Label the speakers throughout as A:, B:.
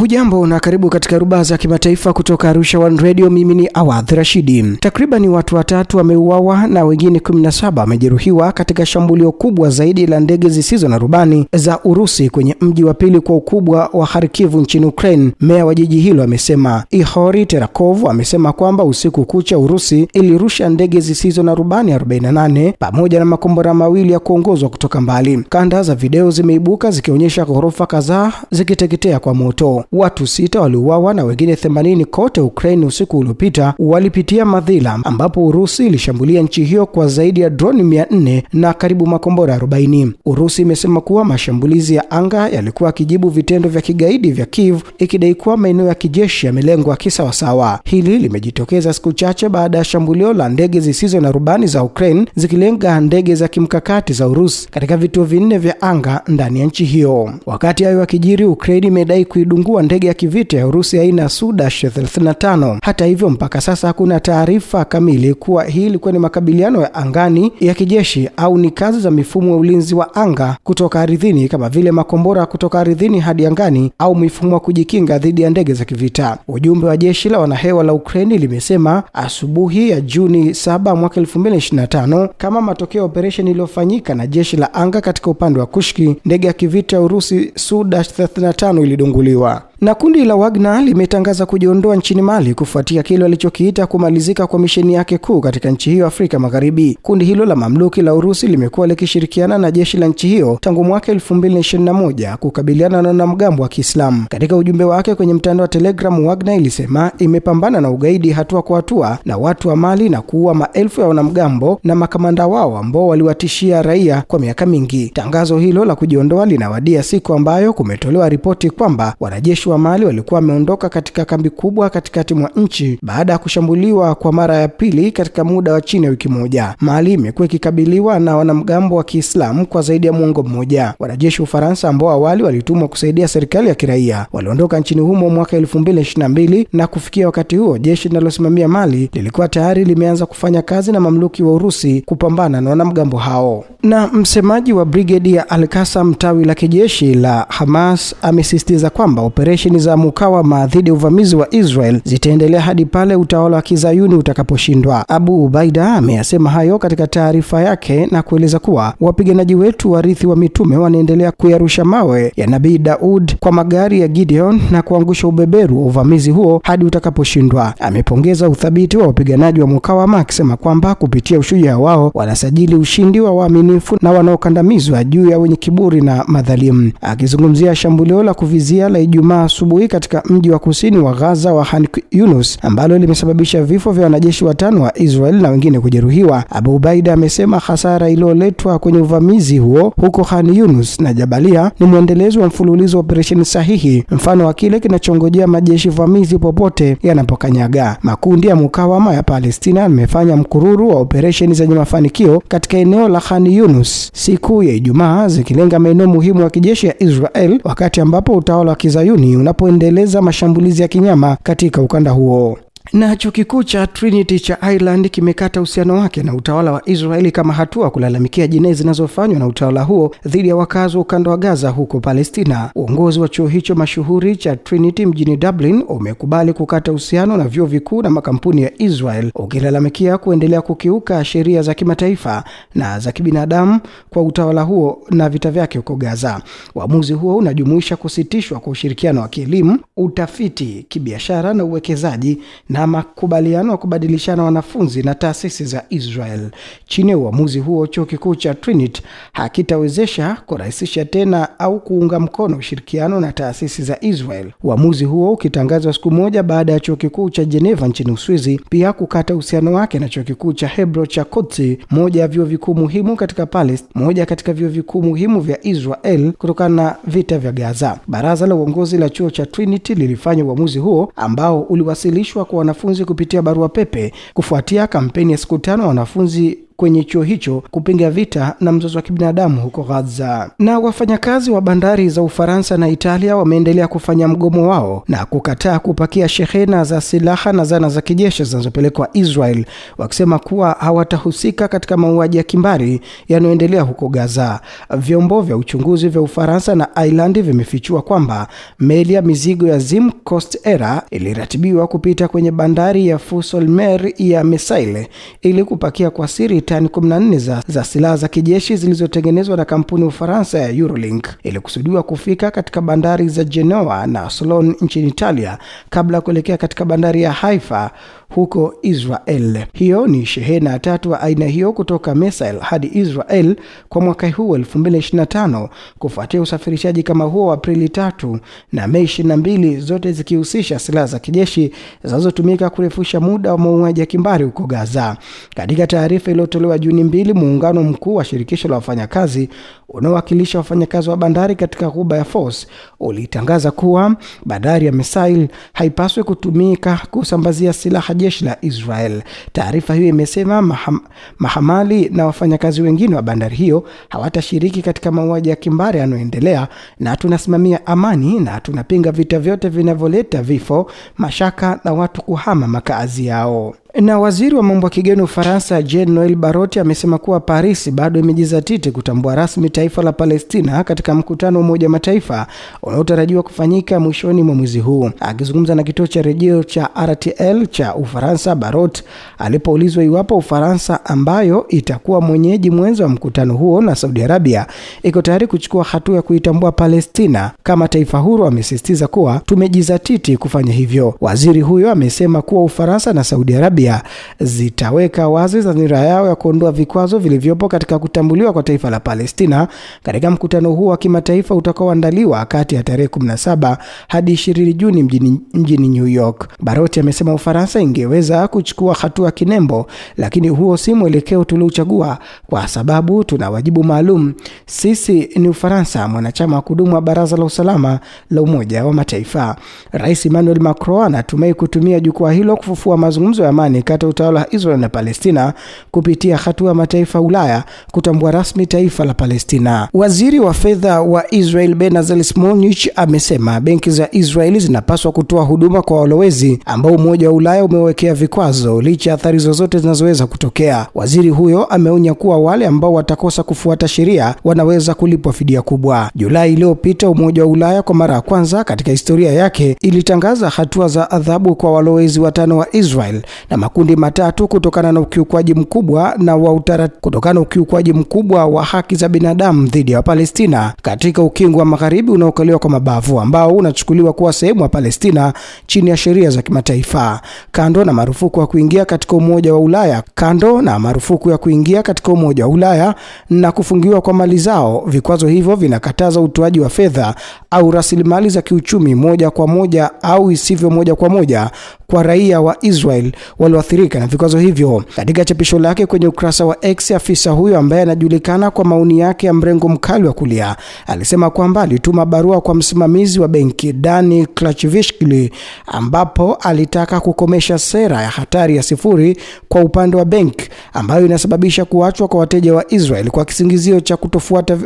A: Hujambo na karibu katika rubaa za kimataifa kutoka Arusha One Radio. Mimi ni Awadh Rashidi. Takriban watu watatu wameuawa na wengine 17 wamejeruhiwa katika shambulio kubwa zaidi la ndege zisizo na rubani za Urusi kwenye mji wa pili kwa ukubwa wa Kharkiv nchini Ukraine. Meya wa jiji hilo amesema. Ihori Terakov amesema kwamba usiku kucha Urusi ilirusha ndege zisizo na rubani 48 pamoja na makombora mawili ya kuongozwa kutoka mbali. Kanda za video zimeibuka zikionyesha ghorofa kadhaa zikiteketea kwa moto. Watu sita waliuawa na wengine 80 kote Ukraine usiku uliopita walipitia madhila, ambapo Urusi ilishambulia nchi hiyo kwa zaidi ya droni 400 na karibu makombora 40. Urusi imesema kuwa mashambulizi ya anga yalikuwa yakijibu vitendo vya kigaidi vya Kiev, ikidai kuwa maeneo ya kijeshi yamelengwa kisawasawa. Hili limejitokeza siku chache baada ya shambulio la ndege zisizo na rubani za Ukraine zikilenga ndege za kimkakati za Urusi katika vituo vinne vya anga ndani ya nchi hiyo. Wakati hayo yakijiri, Ukraine imedai kuidungua kuwa ndege ya kivita ya Urusi aina ya 35. Hata hivyo, mpaka sasa hakuna taarifa kamili kuwa hii ilikuwa ni makabiliano ya angani ya kijeshi au ni kazi za mifumo ya ulinzi wa anga kutoka ardhini kama vile makombora kutoka ardhini hadi angani au mifumo ya kujikinga dhidi ya ndege za kivita. Ujumbe wa jeshi la wanahewa la Ukraini limesema asubuhi ya Juni 7 mwaka 2025 kama matokeo ya operesheni iliyofanyika na jeshi la anga katika upande wa Kushki, ndege ya kivita ya Urusi su 35 ilidunguliwa. США. Na kundi la Wagner limetangaza kujiondoa nchini Mali kufuatia kile alichokiita kumalizika kwa misheni yake kuu katika nchi hiyo Afrika Magharibi. Kundi hilo la mamluki la Urusi limekuwa likishirikiana na jeshi la nchi hiyo tangu mwaka 2021 kukabiliana na wanamgambo wa Kiislamu. Katika ujumbe wake kwenye mtandao wa Telegram, Wagner ilisema imepambana na ugaidi hatua kwa hatua na watu wa Mali na kuua maelfu ya wanamgambo na makamanda wao ambao waliwatishia raia kwa miaka mingi. Tangazo hilo la kujiondoa linawadia siku ambayo kumetolewa ripoti kwamba wanajeshi wanajeshi wa Mali walikuwa wameondoka katika kambi kubwa katikati mwa nchi baada ya kushambuliwa kwa mara ya pili katika muda wa chini ya wiki moja. Mali imekuwa ikikabiliwa na wanamgambo wa Kiislamu kwa zaidi ya muongo mmoja. Wanajeshi wa Ufaransa ambao awali walitumwa kusaidia serikali ya kiraia waliondoka nchini humo mwaka 2022 na kufikia wakati huo jeshi linalosimamia Mali lilikuwa tayari limeanza kufanya kazi na mamluki wa Urusi kupambana na wanamgambo hao. Na msemaji wa brigedi ya Al-Qassam tawi la kijeshi la Hamas amesisitiza kwamba operation operesheni za mukawama dhidi ya uvamizi wa Israel zitaendelea hadi pale utawala wa kizayuni utakaposhindwa. Abu Ubaida ameyasema hayo katika taarifa yake na kueleza kuwa wapiganaji wetu warithi wa mitume wanaendelea kuyarusha mawe ya Nabii Daud kwa magari ya Gideon na kuangusha ubeberu wa uvamizi huo hadi utakaposhindwa. Amepongeza uthabiti wa wapiganaji wa mukawama akisema kwamba kupitia ushujaa wao wanasajili ushindi wa waaminifu na wanaokandamizwa juu ya wenye kiburi na madhalimu. Akizungumzia shambulio la kuvizia la Ijumaa asubuhi katika mji wa kusini wa Gaza wa Khan Yunus ambalo limesababisha vifo vya wanajeshi watano wa Israel na wengine kujeruhiwa. Abu Ubaida amesema hasara iliyoletwa kwenye uvamizi huo huko Khan Yunus na Jabalia ni mwendelezo wa mfululizo wa operesheni sahihi, mfano wa kile kinachongojea majeshi vamizi popote yanapokanyaga. Makundi ya mukawama ya Palestina yamefanya mkururu wa operesheni zenye mafanikio katika eneo la Khan Yunus siku ya Ijumaa, zikilenga maeneo muhimu ya kijeshi ya Israel, wakati ambapo utawala wa Kizayuni unapoendeleza mashambulizi ya kinyama katika ukanda huo na chuo kikuu cha Trinity cha Ireland kimekata uhusiano wake na utawala wa Israeli kama hatua kulalamikia jinai zinazofanywa na utawala huo dhidi ya wakazi wa ukanda wa Gaza huko Palestina. Uongozi wa chuo hicho mashuhuri cha Trinity mjini Dublin umekubali kukata uhusiano na vyuo vikuu na makampuni ya Israel, ukilalamikia kuendelea kukiuka sheria za kimataifa na za kibinadamu kwa utawala huo na vita vyake huko Gaza. Uamuzi huo unajumuisha kusitishwa kwa ushirikiano wa kielimu, utafiti, kibiashara na uwekezaji na na makubaliano ya kubadilishana wanafunzi na taasisi za Israel. Chini ya uamuzi huo, chuo kikuu cha Trinity hakitawezesha kurahisisha tena au kuunga mkono ushirikiano na taasisi za Israel, uamuzi huo ukitangazwa siku moja baada ya chuo kikuu cha Geneva nchini Uswizi pia kukata uhusiano wake na chuo kikuu cha Hebrew cha Kotsi, moja ya vyuo vikuu muhimu katika Palestina, moja katika vyuo vikuu muhimu vya Israel kutokana na vita vya Gaza. Baraza la uongozi la chuo cha Trinity lilifanya uamuzi huo ambao uliwasilishwa kwa wanafunzi kupitia barua pepe kufuatia kampeni ya siku tano ya wanafunzi kwenye chuo hicho kupinga vita na mzozo wa kibinadamu huko Gaza. Na wafanyakazi wa bandari za Ufaransa na Italia wameendelea kufanya mgomo wao na kukataa kupakia shehena za silaha na zana za kijeshi zinazopelekwa Israel, wakisema kuwa hawatahusika katika mauaji ya kimbari yanayoendelea huko Gaza. Vyombo vya uchunguzi vya Ufaransa na Ireland vimefichua kwamba meli ya mizigo ya Zim Coast Era iliratibiwa kupita kwenye bandari ya Fusolmer ya mesaile ili kupakia kwa siri tani 14 za, za silaha za kijeshi zilizotengenezwa na kampuni ya Ufaransa ya Eurolink ilikusudiwa kufika katika bandari za Genoa na Solon nchini Italia kabla ya kuelekea katika bandari ya Haifa huko Israel. Hiyo ni shehena ya tatu wa aina hiyo kutoka Mesail hadi Israel kwa mwaka huu 2025 kufuatia usafirishaji kama huo wa Aprili 3 na Mei 22, zote zikihusisha silaha za kijeshi zinazotumika kurefusha muda wa mauaji ya kimbari huko Gaza. Katika taarifa iliyo uliotolewa Juni mbili, muungano mkuu wa shirikisho la wafanyakazi unaowakilisha wafanyakazi wa bandari katika ghuba ya Fos ulitangaza kuwa bandari ya Misail haipaswi kutumika kusambazia silaha jeshi la Israel. Taarifa hiyo imesema maham, mahamali na wafanyakazi wengine wa bandari hiyo hawatashiriki katika mauaji ya kimbari yanayoendelea, na tunasimamia amani na tunapinga vita vyote vinavyoleta vifo, mashaka na watu kuhama makazi yao. Na waziri wa mambo ya kigeni Ufaransa Jean Noel Barrot amesema kuwa Paris bado imejizatiti kutambua rasmi taifa la Palestina katika mkutano wa Umoja wa Mataifa unaotarajiwa kufanyika mwishoni mwa mwezi huu. Akizungumza na kituo cha redio cha RTL cha Ufaransa, Barrot alipoulizwa iwapo Ufaransa ambayo itakuwa mwenyeji mwenza wa mkutano huo na Saudi Arabia iko tayari kuchukua hatua ya kuitambua Palestina kama taifa huru, amesisitiza kuwa tumejizatiti kufanya hivyo. Waziri huyo amesema kuwa Ufaransa na Saudi Arabia Arabia zitaweka wazi dhamira yao ya kuondoa vikwazo vilivyopo katika kutambuliwa kwa taifa la Palestina katika mkutano huo wa kimataifa utakaoandaliwa kati ya tarehe 17 hadi 20 Juni mjini, mjini New York. Baroti amesema Ufaransa ingeweza kuchukua hatua kinembo, lakini huo si mwelekeo tuliochagua kwa sababu tuna wajibu maalum. Sisi ni Ufaransa, mwanachama wa kudumu wa Baraza la Usalama la Umoja wa Mataifa. Rais Emmanuel Macron anatumai kutumia jukwaa hilo kufufua mazungumzo ya amani amani kati ya utawala wa Israel na Palestina kupitia hatua mataifa Ulaya kutambua rasmi taifa la Palestina. Waziri wa fedha wa Israel benazel Smotrich amesema benki za Israeli zinapaswa kutoa huduma kwa walowezi ambao Umoja wa Ulaya umewekea vikwazo licha ya athari zozote zinazoweza kutokea. Waziri huyo ameonya kuwa wale ambao watakosa kufuata sheria wanaweza kulipwa fidia kubwa. Julai iliyopita, Umoja wa Ulaya kwa mara ya kwanza katika historia yake ilitangaza hatua za adhabu kwa walowezi watano wa Israel na makundi matatu kutokana na ukiukwaji mkubwa na wa utaratibu kutokana na ukiukwaji mkubwa wa haki za binadamu dhidi ya Wapalestina katika ukingo wa magharibi unaokaliwa kwa mabavu ambao unachukuliwa kuwa sehemu ya Palestina chini ya sheria za kimataifa, kando na marufuku ya kuingia katika Umoja wa Ulaya, kando na marufuku ya kuingia katika Umoja wa Ulaya na kufungiwa kwa mali zao. Vikwazo hivyo vinakataza utoaji wa fedha au rasilimali za kiuchumi moja kwa moja au isivyo moja kwa moja kwa raia wa Israel wa walioathirika na vikwazo hivyo. Katika chapisho lake kwenye ukurasa wa X, afisa huyo ambaye anajulikana kwa maoni yake ya mrengo mkali wa kulia alisema kwamba alituma barua kwa msimamizi wa benki Dani Klachvishkili, ambapo alitaka kukomesha sera ya hatari ya sifuri kwa upande wa benki ambayo inasababisha kuachwa kwa wateja wa Israel kwa kisingizio cha kutofuata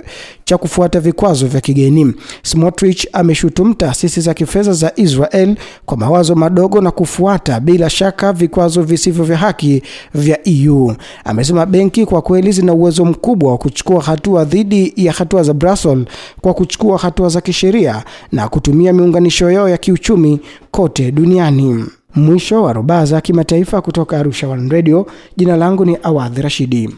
A: cha kufuata vikwazo vya kigeni. Smotrich ameshutumu taasisi za kifedha za Israel kwa mawazo madogo na kufuata bila shaka vikwazo vikwazo visivyo vya haki vya EU. Amesema benki kwa kweli zina uwezo mkubwa wa kuchukua hatua dhidi ya hatua za Brussels kwa kuchukua hatua za kisheria na kutumia miunganisho yao ya kiuchumi kote duniani. Mwisho wa rubaa za kimataifa kutoka Arusha One Radio. Jina langu ni Awadhi Rashidi.